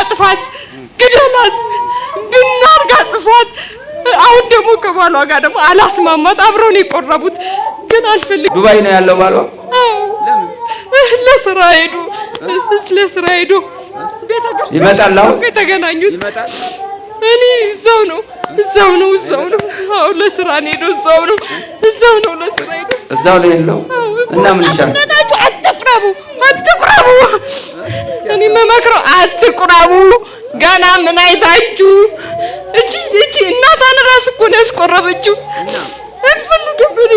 አጥፋት፣ ግደላት፣ ብናርግ አጥፋት። አሁን ደግሞ ከባሏ ጋር ደግሞ አላስማማት። አብረውን የቆረቡት፣ ግን አልፈልግ። ዱባይ ነው ያለው ባሏ። ለስራ ሄዱ፣ ለስራ ሄዱ። ይመጣላሁ የተገናኙት እኔ እዛው ነው እዛው ነው እዛው ነው። አዎ ለስራ ነው ሄዶ እዛው ነው እዛው ነው ለስራ ሄዶ እዛው ነው ያለው እና ምን ይሻላል? አትቅረቡ፣ አትቅረቡ እኔ መመክረው አትቁራቡ። ገና ምን አይታችሁ? እቺ እቺ እናቷን ራስ እኮ ነው ያስቆረበችው። አልፈልግም እኔ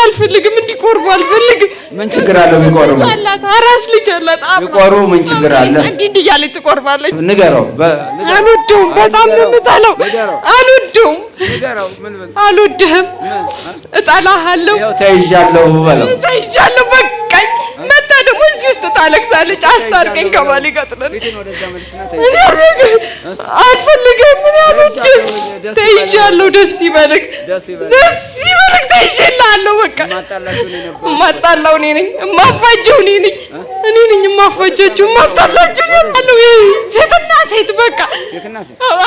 አልፈልግም እንዲቆርቡ አልፈልግም። ምን ችግር አለው ቢቆርቡ? አራስ ልጅ አላት ቢቆርቡ ምን ችግር አለ? እንዲህ እንዲህ እያለች ትቆርባለች። ንገረው። አልወደውም፣ በጣም ነው የምጠላው። አልወደውም፣ አልወድህም፣ እጠላሃለሁ፣ ተይዣለሁ በለው፣ ተይዣለሁ በቃኝ እዚህ ውስጥ ታለቅሳለች። አስታርቀኝ ከባሌ ጋር ጥለን አልፈልግም። ምን ያሉት ተይዣለሁ። ደስ ይበልክ፣ ደስ ይበልክ። ተይዤልሃለሁ። በቃ የማጣላው እኔ ነኝ፣ የማፋጀው እኔ ነኝ፣ እኔ ነኝ የማፋጃችሁ። የማጣላችሁ እላለሁ። ሴትና ሴት በቃ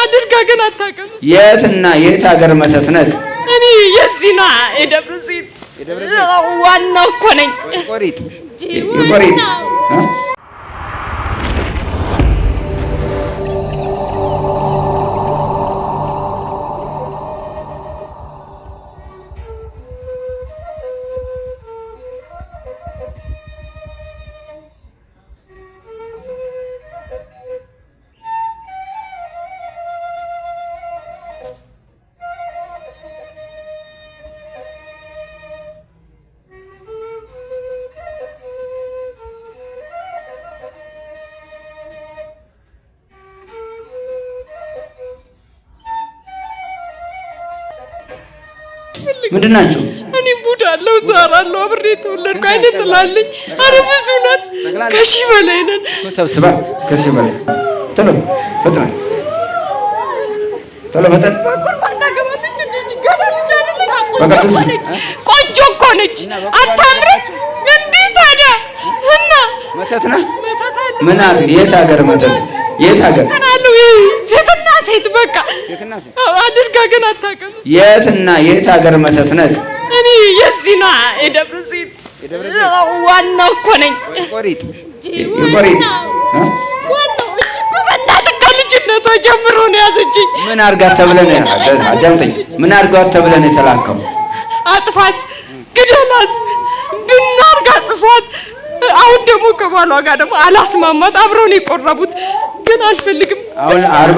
አድርጋ ግን አታውቅም። የትና የት ሀገር መተት ነህ? እኔ የዚህ ና የደብረ ዘይት ዋና እኮ ነኝ። Everybody. አትፈልግም። ምንድን ናቸው? እኔ ቡዳ አለው ዛር አለው አብሬ የተወለድኩ አይነት ትላለኝ። አረ ብዙ ነን፣ ከሺህ በላይ ነን። ሰብስባ ከሺህ በላይ ተሎ ፈጥና ተሎ መጠጥ ቆንጆ እኮ ነች፣ አታምርም? እንዲህ ታዲያ እና መተት ና ምን የት ሀገር መተት የት ሀገር ሴት በቃ አድርጋ ግን አታውቅም። የትና የት ሀገር መተት ነህ? እኔ የዚህ ነዋ የደብረ ዘይት ዋና እኮ ነኝ። ቆሪጥ ቆሪጥ ልጅነቷ ጀምሮ ነው ያዘችኝ። ምን አድርጋት ተብለን አዳምጠኝ። ምን አድርጋት ተብለን የተላከው? አጥፋት፣ ግደላት፣ ብናርግ አጥፋት። አሁን ደግሞ ከባሏ ጋር ደግሞ አላስማማት። አብረው ነው የቆረቡት፣ ግን አልፈልግም አሁን አርበ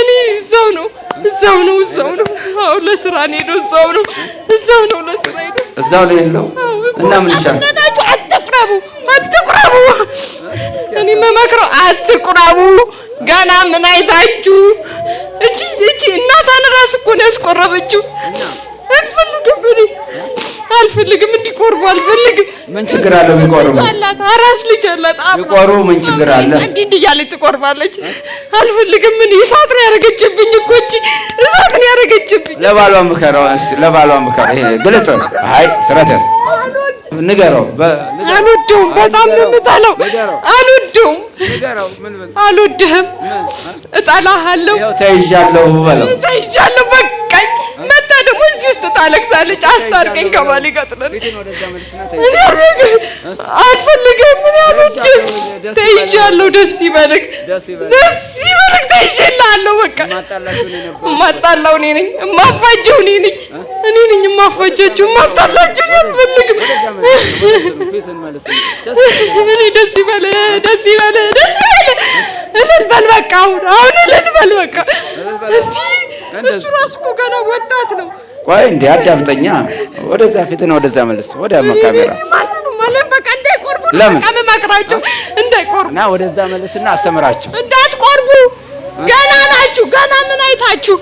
እኔ እዛው ነው እዛው ነው እዛው ነው። አዎ ለስራ ነው ሄዶ እዛው ነው እዛው ነው ለስራ ሄዶ እዛው ነው እና ምን ይሻላል? አትቁረቡ አትቁረቡ። እኔ መመክረው አትቁረቡ። ገና ምን አይታችሁ እቺ እቺ እናቷን እኮ ነው ያስቆረበችው። አልፈልግም፣ እንዲቆርቡ አልፈልግም። ምን ችግር አለ ቢቆርቡ? አላት አራስ ልጅ አላት ቢቆርቡ ምን ችግር አለ? እንዲህ እንዲህ እያለች ትቆርባለች። አልፈልግም። ምን እሳት ነው ያደረገችብኝ እኮ እቺ እሳት ነው ያደረገችብኝ። ለባሏ ምከረው እስኪ ለባሏ ምከረው። ይሄ ግልጽ ነው። አይ ስራት ያስ ንገረው። አልወደውም፣ በጣም ነው የምጠላው። አልወደውም፣ አልወድህም፣ እጠላሃለሁ፣ ተይዣለሁ በለው፣ ተይዣለሁ በቃኝ መጣ ደግሞ እዚህ ውስጥ ታለቅሳለች። አስታርቀኝ ከባሌ ጋር ጥለን አልፈልግም። ምን ያሉት ተይዣለሁ። ደስ ይበልክ፣ ደስ ይበልክ። ተይዤልሃለሁ። በቃ የማጣላው እኔ ነኝ፣ የማፋጀው እኔ ነኝ፣ እኔ ነኝ የማፋጃችሁ። የማጣላችሁ አልፈልግም። እኔ ደስ ይበልህ፣ ደስ ይበልህ፣ ደስ ይበልህ እልል በል በቃ። አሁን አሁን እልል በል በቃ እንጂ እሱ ራሱ እኮ ገና ወጣት ነው። ቆይ እንዴ አዳምጠኛ። ወደዛ ፊትን ወደዛ መልስ። ወደ ማለት በቃ መካሜራ ለምን መማክራቸው እንዳይቆርቡ እና ወደዛ መልስና አስተምራቸው እንዳትቆርቡ። ገና ናችሁ። ገና ምን አይታችሁ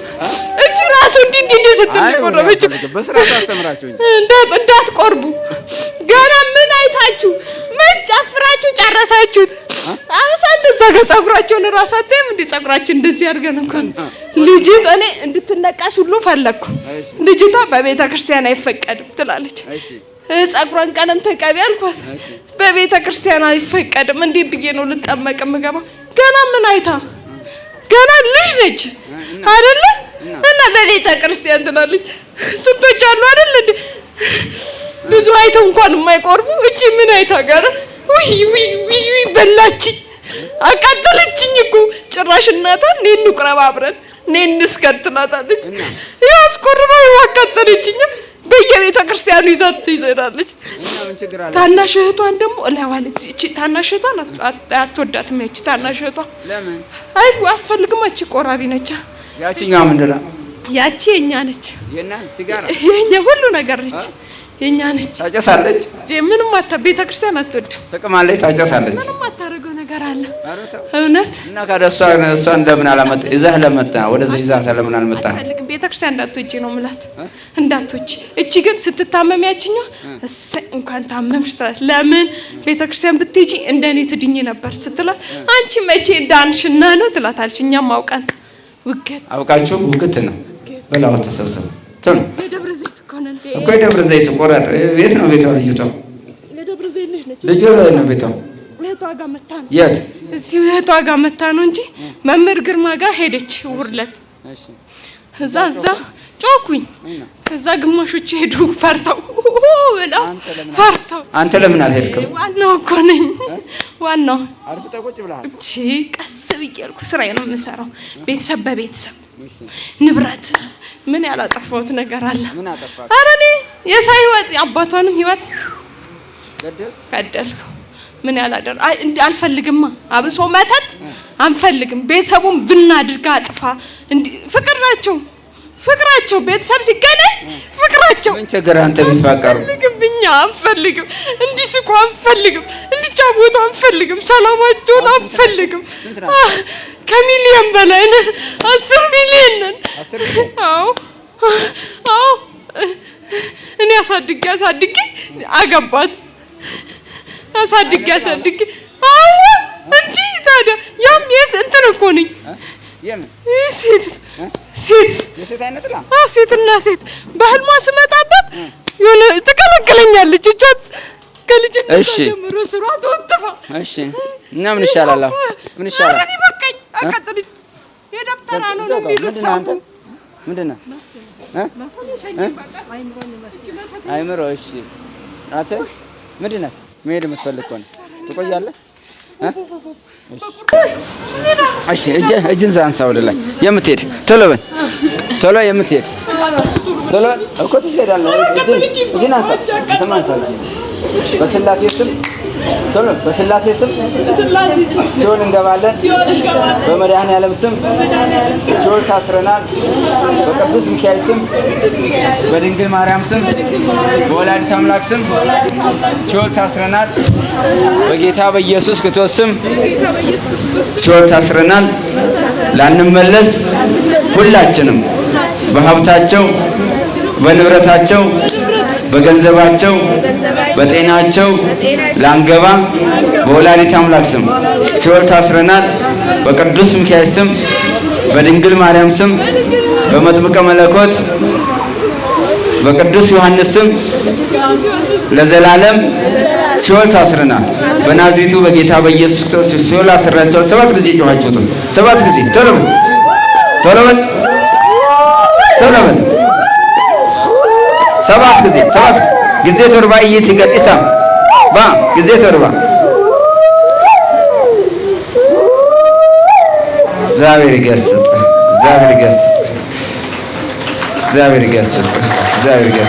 እጅ ራሱ እንዲህ እንዲህ እንዲህ ስትል ቆረበችው። በስርዓት አስተምራቸው እንጂ እንዳትቆርቡ። ገና ምን አይታችሁ ምን ጨፍራችሁ ጨረሳችሁት? አበሳ እንደዛ ከጸጉራቸውን እራሱ አታይም እንዴ? ጸጉራችን እንደዚህ አድርገን እንኳን ልጅቷ እኔ እንድትነቀስ ሁሉ ፈለግኩ። ልጅቷ በቤተ ክርስቲያን አይፈቀድም ትላለች። ጸጉሯን ቀለም ተቀቢ አልኳት። በቤተ ክርስቲያን አይፈቀድም እንዴ ብዬ ነው ልጠመቅ የምገባ? ገና ምን አይታ ገና ልጅ ነች አይደለ? እና በቤተ ክርስቲያን ትላለች። ስንቶች አሉ አይደል? ብዙ አይተው እንኳን የማይቆርቡ እቺ ምን አይታ ጋር ውይ በላችኝ፣ አቃጠለችኝ እኮ ጭራሽ። እናታ እኔን እንቁረብ አብረን እኔን እንስከትላታለች። ይህ አስቆርባ አቃጠለችኝ። በየቤተ ክርስቲያኑ ይዛት ትይዘናለች። ታናሽ እህቷን ደግሞ እላዋል። እቺ ታናሽ እህቷን አትወዳትም። ያቺ ታናሽ እህቷ አይ አትፈልግም። እቺ ቆራቢ ነች። ያቺኛ ምንድን ነው? ያቺ የኛ ነች፣ የኛ ሁሉ ነገር ነች። የኛ ነች። ታጨሳለች። ምንም አታ ቤተ ክርስቲያን አትወድም። ትቅማለች፣ ታጨሳለች። ምንም አታደርገው ነገር አለ እውነት እና ካደ እሷ እንደምን አላመጣ ይዛህ ለመጣ ወደዚህ ይዛህ ለምን አልመጣ አልፈልግም። ቤተ ክርስቲያን እንዳትወጪ ነው ምላት እንዳትወጪ። እቺ ግን ስትታመም ያችኛ እሰይ እንኳን ታመምሽ ትላለች። ለምን ቤተ ክርስቲያን ብትሄጂ እንደኔ ትድኚ ነበር ስትላት፣ አንቺ መቼ ዳንሽና ነው ትላታለች። እኛም አውቀን ውገት አውቃችሁ ውግት ነው በላው ተሰብሰቡ ትን እኮ የደብረ ዘይት ቆረጥ ቤት ነው ቤቷ። ልጅቷ ልጅ ነው ቤቷ። የት እዚህ እህቷ ጋር መታ ነው እንጂ መምህር ግርማ ጋር ሄደች ውርለት እዛ እዛ ጮኩኝ። ከዛ ግማሾች ሄዱ ፈርተው ብለው ፈርተው። አንተ ለምን አልሄድክም? ዋናው እኮ ነኝ ዋናው። ቀስ ብዬ አልኩ ስራ ነው የምሰራው ቤተሰብ በቤተሰብ ንብረት ምን ያላጠፋሁት ነገር አለ? ኧረ እኔ የሰው ህይወት አባቷንም ህይወት ገደልኩ። ምን ያላደር አልፈልግማ። አብሶ መተት አንፈልግም። ቤተሰቡን ብናድርጋ አጥፋ ፍቅር ናቸው ፍቅራቸው ቤተሰብ ሲገናኝ ፍቅራቸው ምን ችግር አንተ ቢፋቀሩ አንፈልግም፣ አንፈልግም፣ እንዲስቁ አንፈልግም፣ እንዲጫወቱ አንፈልግም፣ ሰላማቸውን አንፈልግም። ከሚሊዮን በላይ ነን። አስር ሚሊዮን ነን። አዎ አዎ። እኔ አሳድጌ አሳድጌ አገባት አሳድጌ አሳድጌ አዎ። እንጂ ታዲያ ያም የስ እንትን እኮ ነኝ ሴት ሴት ሴትና ሴት በህልሟ ስመጣበት የሆነ ትከለክለኛለች እጇን ከልጅነት ጀምሮ ስሯ ትወጥፋ እና ምን ይሻላል? ምን ይሻላል? የደብተራ ነው የሚሉት ሰው ምንድን አይምሮ እሺ፣ አንተ ምንድን ነው መሄድ የምትፈልግ ከሆነ ትቆያለህ። እሺ፣ እጅን ዛንሳ ወደ ላይ የምትሄድ ቶሎ በል ቶሎ የምትሄድ ቶሎ እኮ ትሄዳለህ። እጅን አንሳ፣ በስላሴ ስም ቶሎ በስላሴ ስም ሲሆን እንገባለን። በመድኃኔዓለም ስም ሲሆን ታስረናል። በቅዱስ ሚካኤል ስም፣ በድንግል ማርያም ስም፣ በወላዲት አምላክ ስም ሲሆን ታስረናል። በጌታ በኢየሱስ ክርስቶስ ስም ሲሆን ታስረናል። ላንመለስ ሁላችንም በሀብታቸው በንብረታቸው በገንዘባቸው በጤናቸው ላንገባ በወላዲት አምላክ ስም ሲኦል ታስረናል። በቅዱስ ሚካኤል ስም፣ በድንግል ማርያም ስም፣ በመጥምቀ መለኮት በቅዱስ ዮሐንስ ስም ለዘላለም ሲኦል ታስረናል። በናዝሪቱ በጌታ በኢየሱስ ክርስቶስ ሲኦል አስራችኋል። ሰባት ጊዜ ጮኻችሁት፣ ሰባት ጊዜ ቶሎ በል፣ ቶሎ በል፣ ቶሎ በል፣ ሰባት ጊዜ ሰባት ጊዜ ቶርባ እይት ገዲሳም ባ ጊዜ ቶርባ እግዚአብሔር ይገስጽ። እግዚአብሔር ይገስጽ። እግዚአብሔር ይገስጽ። እግዚአብሔር ይገስጽ።